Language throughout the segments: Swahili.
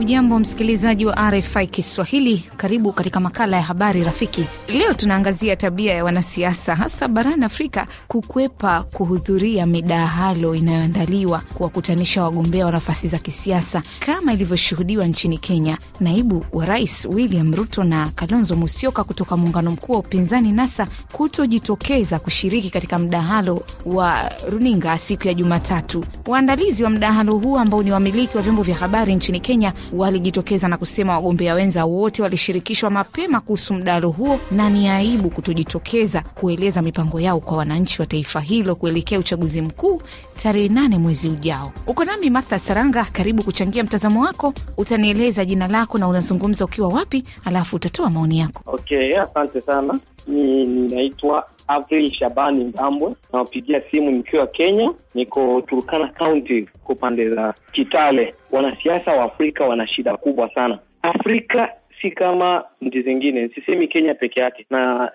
Ujambo msikilizaji wa RFI Kiswahili, karibu katika makala ya habari rafiki. Leo tunaangazia tabia ya wanasiasa hasa barani Afrika kukwepa kuhudhuria midahalo inayoandaliwa kuwakutanisha wagombea wa nafasi za kisiasa kama ilivyoshuhudiwa nchini Kenya. Naibu wa rais William Ruto na Kalonzo Musyoka kutoka muungano mkuu wa upinzani NASA kutojitokeza kushiriki katika mdahalo wa runinga siku ya Jumatatu. Waandalizi wa mdahalo huo ambao ni wamiliki wa vyombo vya habari nchini Kenya walijitokeza na kusema wagombea wenza wote walishirikishwa mapema kuhusu mdalo huo na ni aibu kutojitokeza kueleza mipango yao kwa wananchi wa taifa hilo kuelekea uchaguzi mkuu tarehe nane mwezi ujao. Uko nami Martha Saranga, karibu kuchangia mtazamo wako. Utanieleza jina lako na unazungumza ukiwa wapi, alafu utatoa maoni yako. Okay, asante sana ni ninaitwa Avril Shabani Mbambwe, nawapigia simu nikiwa Kenya, niko Turkana County kwa upande za Kitale. Wanasiasa wa Afrika wana shida kubwa sana. Afrika si kama nchi zingine, sisemi Kenya peke yake na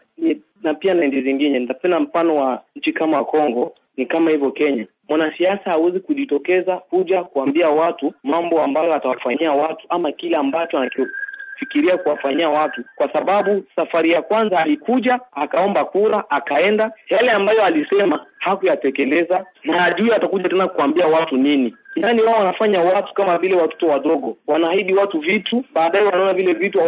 na pia na nchi zingine. Nitapenda mfano wa nchi kama Kongo, ni kama hivyo Kenya. Mwanasiasa hawezi kujitokeza kuja kuambia watu mambo ambayo atawafanyia watu ama kile ambacho fikiria kuwafanyia watu, kwa sababu safari ya kwanza alikuja akaomba kura akaenda, yale ambayo alisema hakuyatekeleza na ajui atakuja tena kuambia watu nini. Yaani wao wanafanya watu kama vile watoto wadogo, wanaahidi watu vitu, baadaye wanaona vile vitu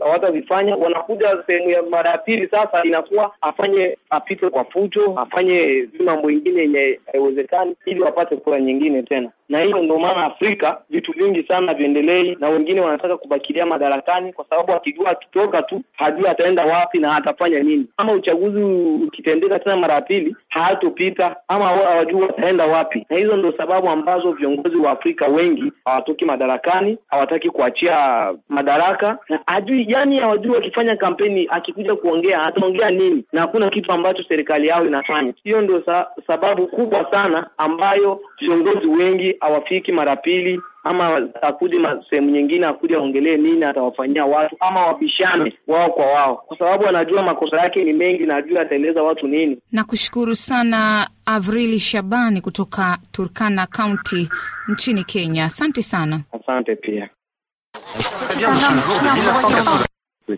hawatavifanya. Wanakuja sehemu ya mara ya pili, sasa inakuwa afanye apite kwa fujo, afanye mambo ingine yenye haiwezekani, ili wapate kura nyingine tena. Na hiyo ndio maana Afrika vitu vingi sana viendelei, na wengine wanataka kubakilia madarakani, kwa sababu akijua akitoka tu hajui ataenda wapi na atafanya nini. Kama uchaguzi ukitendeka tena mara ya pili, hata pita ama hawajui wataenda wapi, na hizo ndio sababu ambazo viongozi wa Afrika wengi hawatoki madarakani, hawataki kuachia madaraka. Hajui yani, hawajui wakifanya kampeni, akikuja kuongea ataongea nini, na hakuna kitu ambacho serikali yao inafanya. Hiyo ndio sa, sababu kubwa sana ambayo viongozi wengi hawafiki mara pili ama akuje sehemu nyingine akuje aongelee nini atawafanyia watu, ama wabishane wao kwa wao, kwa sababu anajua makosa yake ni mengi na ajua ataeleza watu nini. Nakushukuru sana Avrili Shabani kutoka Turkana kaunti nchini Kenya. Asante sana. Asante pia.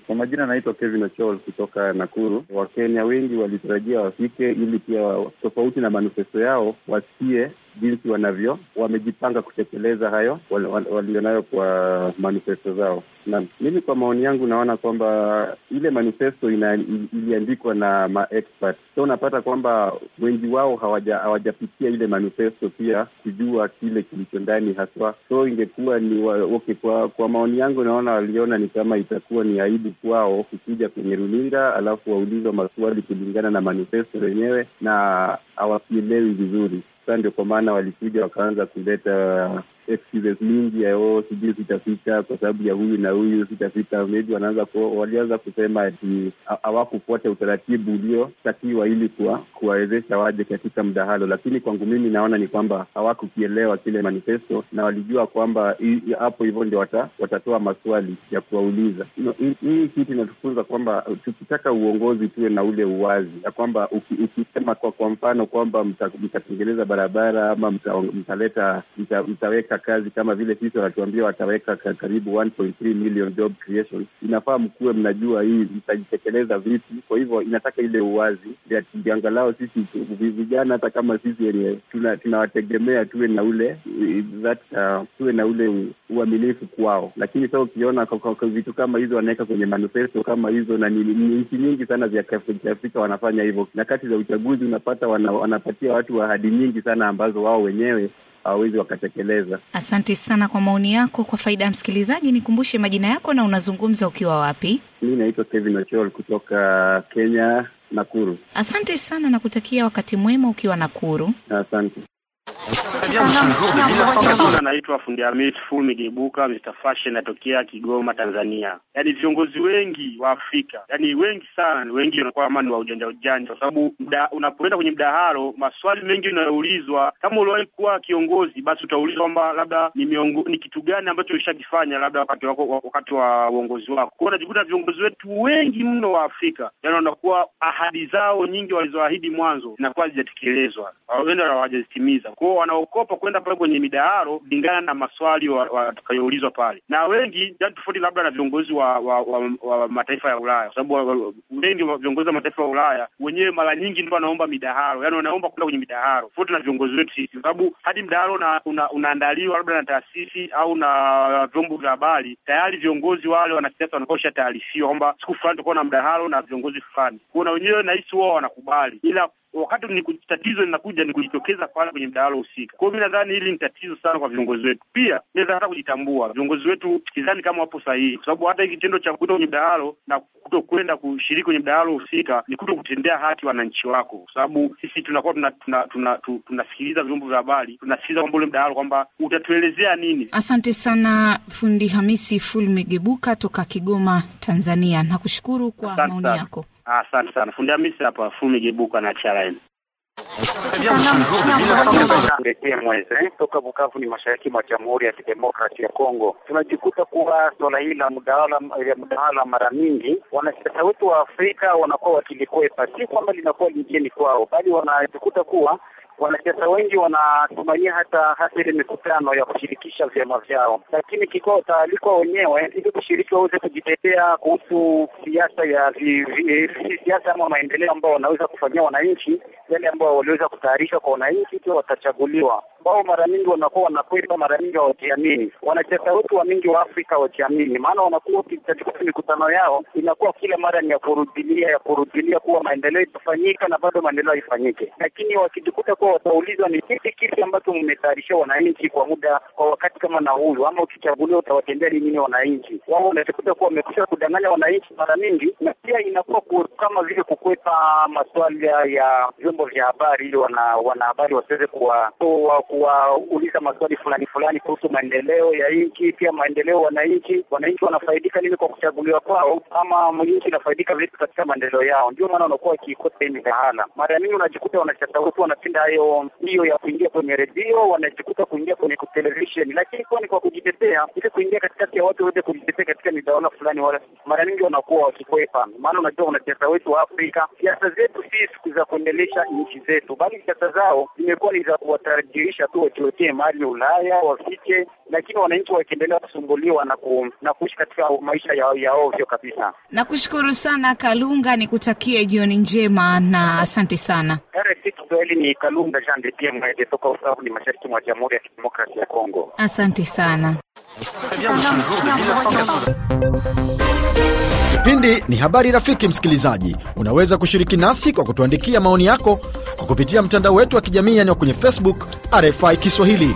Kwa majina anaitwa Kevin Achol kutoka Nakuru. Wakenya wengi walitarajia wafike ili pia tofauti na manifesto yao wasikie jinsi wanavyo wamejipanga kutekeleza hayo walionayo kwa manifesto zao. Na mimi kwa maoni yangu naona kwamba ile manifesto iliandikwa na maexpert, so unapata kwamba wengi wao hawaja hawajapitia ile manifesto pia kujua kile kilicho ndani haswa. So ingekuwa ni wa, okay, kwa, kwa maoni yangu naona waliona ni kama itakuwa ni zaidi kwao kukuja kwenye runinga, alafu waulizwa maswali kulingana na manifesto wenyewe na hawakielewi vizuri. Sasa ndio kwa maana walikuja wakaanza kuleta excuses mingi ya oh, sijui sitafika kwa sababu ya huyu na huyu sitafika. Maybe wanaanza walianza kusema ati hawakufuata utaratibu uliotakiwa ili kuwawezesha waje katika mdahalo, lakini kwangu mimi naona ni kwamba hawakukielewa kile manifesto na walijua kwamba hapo hivyo ndio wata, watatoa maswali ya kuwauliza. Hii kitu inatufunza kwamba tukitaka uongozi tuwe na ule uwazi ya kwamba ukisema kwa, kwa mfano kwamba mtatengeneza mta barabara ama mtaleta mta mta, mtaweka wanataka kazi kama vile sisi wanatuambia wataweka karibu 1.3 million job creation. Inafaa mkuwe mnajua hii itajitekeleza vipi. Kwa hivyo inataka ile uwazi, angalau sisi vijana, hata kama sisi wenye tunawategemea, tuna tuwe na ule that, uh, tuwe na ule uaminifu kwao. Lakini sasa ukiona vitu kama hizo wanaweka kwenye manifesto kama hizo, na ni nchi nyingi sana vya kiafrika wanafanya hivyo. kati za uchaguzi unapata wana, wanapatia watu ahadi nyingi sana ambazo wao wenyewe hawawezi wakatekeleza. Asante sana kwa maoni yako. Kwa faida ya msikilizaji, nikumbushe majina yako na unazungumza ukiwa wapi? Mi naitwa Kevin Ochol kutoka Kenya, Nakuru. Asante sana na kutakia wakati mwema ukiwa Nakuru. Asante. Anaitwa fundi Hamid Ful Migebuka, Mr Fashion, natokea Kigoma, Tanzania. Yaani viongozi wengi wa Afrika, yaani wengi sana, wengi wanakuwa kama ni wa ujanja ujanja, kwa sababu unapoenda kwenye mdahalo, maswali mengi unayoulizwa, kama uliwahi kuwa kiongozi, basi utaulizwa kwamba labda ni miongo, ni kitu gani ambacho ulishakifanya labda wakati wako, wakati wa uongozi wako. Kwa unajikuta viongozi wetu wengi mno wa Afrika, yaani wanakuwa ahadi zao nyingi walizoahidi mwanzo zinakuwa hazijatekelezwa, wao ndio hawajazitimiza, kwao wanaokopa kuogopa kwenda pale kwenye midaharo kulingana na maswali watakayoulizwa wa, pale, na wengi yani tofauti labda na viongozi wa, wa, wa, wa mataifa ya Ulaya, kwa sababu wengi wa viongozi wa mataifa ya Ulaya wenyewe mara nyingi ndio wanaomba midaharo, yani wanaomba kwenda kwenye midaharo tofauti na viongozi wetu sisi, kwa sababu hadi mdaharo unaandaliwa una labda na taasisi au na vyombo vya habari, tayari viongozi wale wanasiasa wanakosha taarifiwa kwamba siku fulani tutakuwa na mdaharo na viongozi fulani, kuna na wenyewe nahisi wao wanakubali ila wakati ni tatizo linakuja ni kujitokeza pale kwenye mdahalo husika. Kwa hiyo mi nadhani hili ni tatizo sana kwa viongozi wetu, pia hata kujitambua viongozi wetu, sidhani kama wapo sahihi, kwa sababu hata hii kitendo cha kuto kwenye mdahalo na kuto kwenda kushiriki kwenye mdahalo husika ni kuto kutendea haki wananchi wako, kwa sababu sisi tunakuwa tunasikiliza tuna, tuna, tuna, tuna vyombo vya habari, tunasikiliza kwamba ule mdahalo kwamba utatuelezea nini. Asante sana Fundi Hamisi Fulmegebuka toka Kigoma, Tanzania, nakushukuru kwa maoni yako. Asante sana. Fundi Hamisi hapa Fumi Gebuka na Charaini. Eh, toka Bukavu ni mashariki mwa Jamhuri ya Kidemokrasi ya Kongo, tunajikuta kuwa swala hili la mdahala, mara mingi wanasiasa wetu wa Afrika wanakuwa wakilikwepa si kwamba linakuwa ligeni kwao, bali wanajikuta kuwa wanasiasa wengi wanatumania hata hata ile mikutano ya kushirikisha vyama vyao, lakini kikao taalikwa wenyewe ili kushiriki waweze kujitetea kuhusu siasa ya siasa ama maendeleo ambao wanaweza kufanyia wananchi, yale ambao waliweza kutayarisha kwa wananchi ndio watachaguliwa. Wao mara nyingi wanakuwa wanakwepa, mara nyingi hawajiamini. Wanasiasa wetu wa mingi wa Afrika hawajiamini, maana wanakuwa katika mikutano yao inakuwa kila mara ni ya kurudilia ya kurudilia kuwa maendeleo itafanyika na bado maendeleo haifanyike, lakini wakijikuta walikuwa wataulizwa ni kipi kipi ambacho mmetayarisha wananchi kwa muda kwa wakati kama na huyu, ama ukichaguliwa utawatendea nini wananchi. Wao Unatakuta kuwa wamekusha kudanganya wananchi mara mingi, na pia inakuwa kama vile kukwepa maswala ya vyombo vya habari ili wana wasiweze wasiweze kuwauliza maswali fulani fulani kuhusu maendeleo ya nchi, pia maendeleo wananchi, wananchi wanafaidika nini kwa kuchaguliwa kwao, ama nchi inafaidika vipi katika maendeleo yao. Ndio maana wanakuwa wakiikota hii mitahala mara nyingi unajikuta wanachataua wanapinda ambayo ndiyo ya kuingia kwenye redio, wanajikuta kuingia kwenye televisheni, lakini kuwa ni kwa kujitetea, ili kuingia katikati ya watu waweze kujitetea katika midaona fulani, wala mara nyingi wanakuwa wakikwepa. Maana unajua wanasiasa wetu wa Afrika, siasa zetu si siku za kuendelesha nchi zetu, bali siasa zao zimekuwa ni za kuwatajirisha tu, wajiwekee mali Ulaya wafike, lakini wananchi wakiendelea kusumbuliwa na, ku, na kuishi katika maisha ya, ya ovyo kabisa. Nakushukuru sana Kalunga, nikutakie jioni njema na asante sana. Kiswahili ni Kalunga Jean de Dieu Mwede toka ni mashariki mwa Jamhuri ya Kidemokrasia ya Kongo. Asante sana. Eh, Kipindi ni habari rafiki. Msikilizaji, unaweza kushiriki nasi kwa kutuandikia maoni yako kwa kupitia mtandao wetu wa kijamii, wa kwenye Facebook RFI Kiswahili.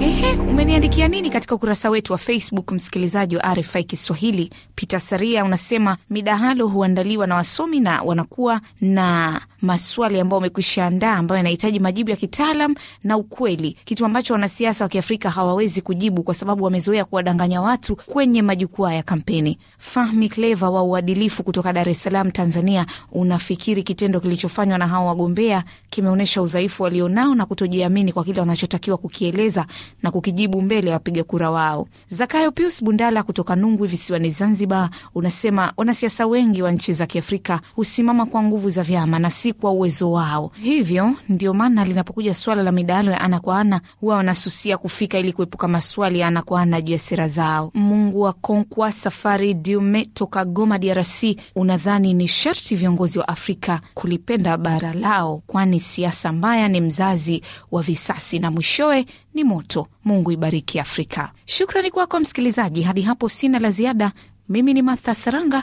Ehe, umeniandikia nini katika ukurasa wetu wa Facebook, msikilizaji wa RFI Kiswahili? Peter Saria unasema midahalo huandaliwa na wasomi na wanakuwa na maswali ambayo wamekwisha andaa ambayo yanahitaji majibu ya kitaalam na ukweli, kitu ambacho wanasiasa wa Kiafrika hawawezi kujibu kwa sababu wamezoea kuwadanganya watu kwenye majukwaa ya kampeni. Fahmi Cleva wa uadilifu kutoka Dar es Salaam, Tanzania, unafikiri kitendo kilichofanywa na hawa wagombea kimeonyesha udhaifu walionao na kutojiamini kwa kile wanachotakiwa kukieleza na kukijibu mbele ya wapiga kura wao? Zakayo Pius Bundala kutoka Nungwi visiwani Zanzibar unasema wanasiasa wengi wa nchi za Kiafrika husimama kwa nguvu za vyama na si kwa uwezo wao. Hivyo ndio maana linapokuja swala la midahalo ya ana kwa ana huwa wanasusia kufika ili kuepuka maswali ya ana kwa ana juu ya sera zao. Mungu wa Konkwa Safari Diume toka Goma, DRC, unadhani ni sharti viongozi wa Afrika kulipenda bara lao, kwani siasa mbaya ni mzazi wa visasi na mwishowe ni moto. Mungu ibariki Afrika. Shukrani kwako msikilizaji, hadi hapo sina la ziada. Mimi ni Martha Saranga